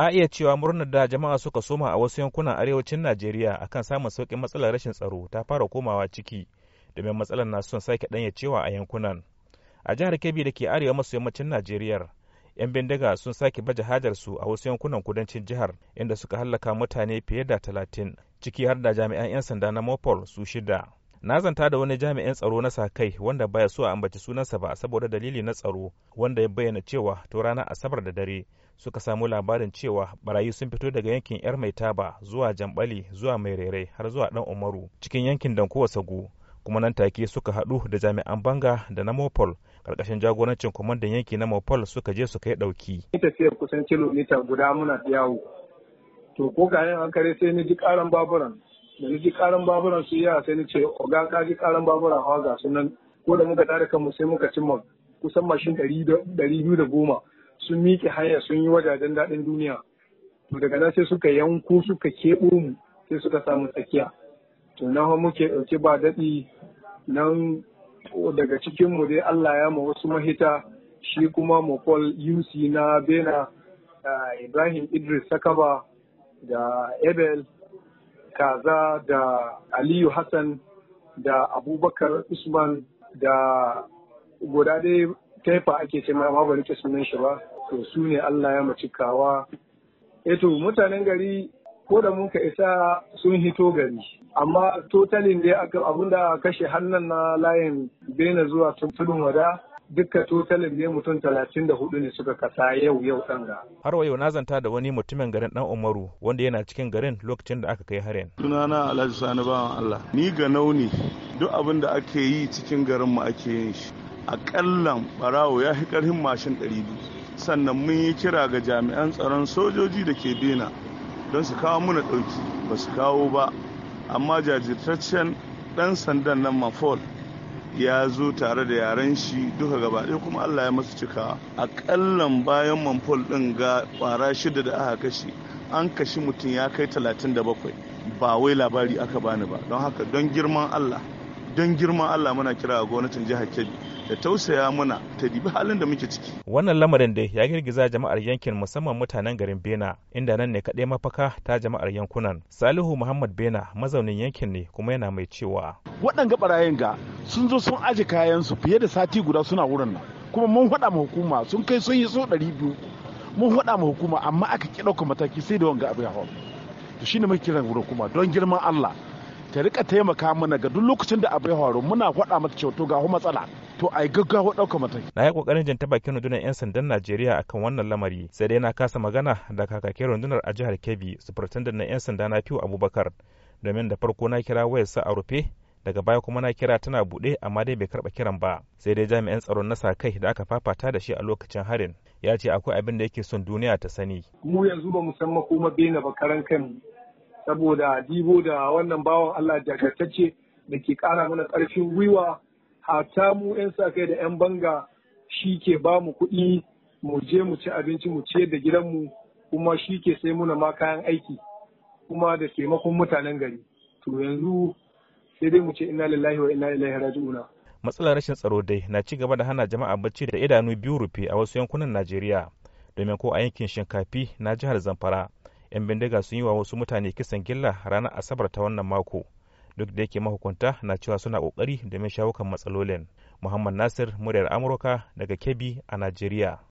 a iya cewa murnar da jama'a suka soma a wasu yankunan arewacin najeriya akan samun sauƙin matsalar rashin tsaro ta fara komawa ciki domin matsalar na son sake ɗanya cewa a yankunan a jihar kebbi da ke arewa maso yammacin najeriya yan bindiga sun sake baje hajarsu a wasu yankunan kudancin jihar inda suka hallaka mutane fiye da talatin ciki har da jami'an 'yan sanda na mopol su shida na zanta da wani jami'in tsaro na sa kai wanda baya so a ambaci sunansa ba saboda dalili na tsaro wanda ya bayyana cewa to ranar asabar da dare suka samu labarin cewa barayi sun fito daga yankin yar mai taba zuwa jambali zuwa mai rere har zuwa dan umaru cikin yankin kowa sagu kuma nan take suka haɗu da jami'an banga da na mopol karkashin jagorancin kwamandan yanki na mopol suka je su kai ɗauki. tafiyar kusan kilomita guda muna yawo to ko ga an kare sai ni ji karan baburan da ni ji karan baburan su yi sai na ce oga ka ji karan baburan hawa ga sunan ko da muka tare kanmu sai muka cimma kusan mashin ɗari biyu da goma sun miƙe hanya sun yi wajajen daɗin duniya to daga nan sai suka yanku, suka keɓo mu sai suka samu tsakiya to na muke ɗauke ba daɗi nan daga cikin mu dai Allah ya ma wasu mahita shi kuma Paul, yusi na Bena Ibrahim Idris Sakaba da Ebel kaza da aliyu hassan da abubakar usman da guda dai taifa ake ce mara ba rike sunan shi ba to su ne allah ya mace kawa eto eh mutanen gari ko da mun ka isa sun hito gari amma totalin dai abinda kashe hannun na layin bena zuwa tudun wada dukka totalin ne mutum talatin da hudu ne suka kasa yau yau ɗan ga. Har wa na zanta da wani mutumin garin ɗan Umaru wanda yana cikin garin lokacin da aka kai harin. Sunana Alhaji Sani bawan Allah. Ni ga nauni duk abin da ake yi cikin garin mu ake yin shi. Aƙalla ɓarawo ya fi ƙarfin mashin ɗari biyu. Sannan mun yi kira ga jami'an tsaron sojoji da ke bena don su kawo muna ɗauki ba su kawo ba. Amma jajirtaccen ɗan sandan nan mafol ya zo tare da yaren shi duka gabaɗe kuma Allah ya masu cika aƙallan bayan manfol ɗin ga ƙwara shida da aka kashe an kashi mutum ya kai talatin da bakwai, ba wai labari aka bani ba don haka don girman Allah don girman Allah muna kira ga gwamnatin jihar Kebbi da tausaya muna ta dibi halin da muke ciki. Wannan lamarin da ya girgiza jama'ar yankin musamman mutanen garin Bena inda nan ne kaɗai mafaka ta jama'ar yankunan. Salihu Muhammad Bena mazaunin yankin ne kuma yana mai cewa. Waɗanga ɓarayin ga sun zo sun aje kayansu fiye da sati guda suna wurin nan kuma mun faɗa ma hukuma sun kai sun yi so ɗari biyu mun faɗa ma hukuma amma aka ki mataki sai da wanga abu ya hau to shine muke kiran wurin kuma don girman Allah ta rika taimaka mana ga duk lokacin da abu ya hau muna faɗa mata cewa to ga matsala to a yi gaggawa ɗaukar mataki. Na yi kokarin janta bakin rundunar 'yan sandan Najeriya akan wannan lamari sai dai na kasa magana da kakakin rundunar a jihar Kebbi superintendent na 'yan sanda na fiu Abubakar domin da farko na kira wayarsa a rufe daga baya kuma na kira tana bude amma dai bai karba kiran ba sai dai jami'an tsaron na sa kai da aka fafata da shi a lokacin harin ya ce akwai abin da yake son duniya ta sani mu yanzu ba mu san makoma bene ba karan kan saboda dibo da wannan bawan Allah jagatacce da ke ƙara mana ƙarfin gwiwa hata mu 'yan sa kai da 'yan banga shi ke ba mu kuɗi mu je mu ci abinci mu ciyar da mu kuma shi ke sai muna ma kayan aiki kuma da taimakon mutanen gari to yanzu sai dai mu ce inna lillahi wa inna ilaihi raji'una matsalar rashin tsaro dai na ci gaba da hana jama'a bacci da idanu biyu rufe a wasu yankunan Najeriya domin ko a yankin Shinkafi na jihar Zamfara yan bindiga sun yi wa wasu mutane kisan gilla ranar Asabar ta wannan mako duk da yake mahukunta na cewa suna kokari domin shawo kan matsalolin Muhammad Nasir muryar Amurka daga Kebbi a Najeriya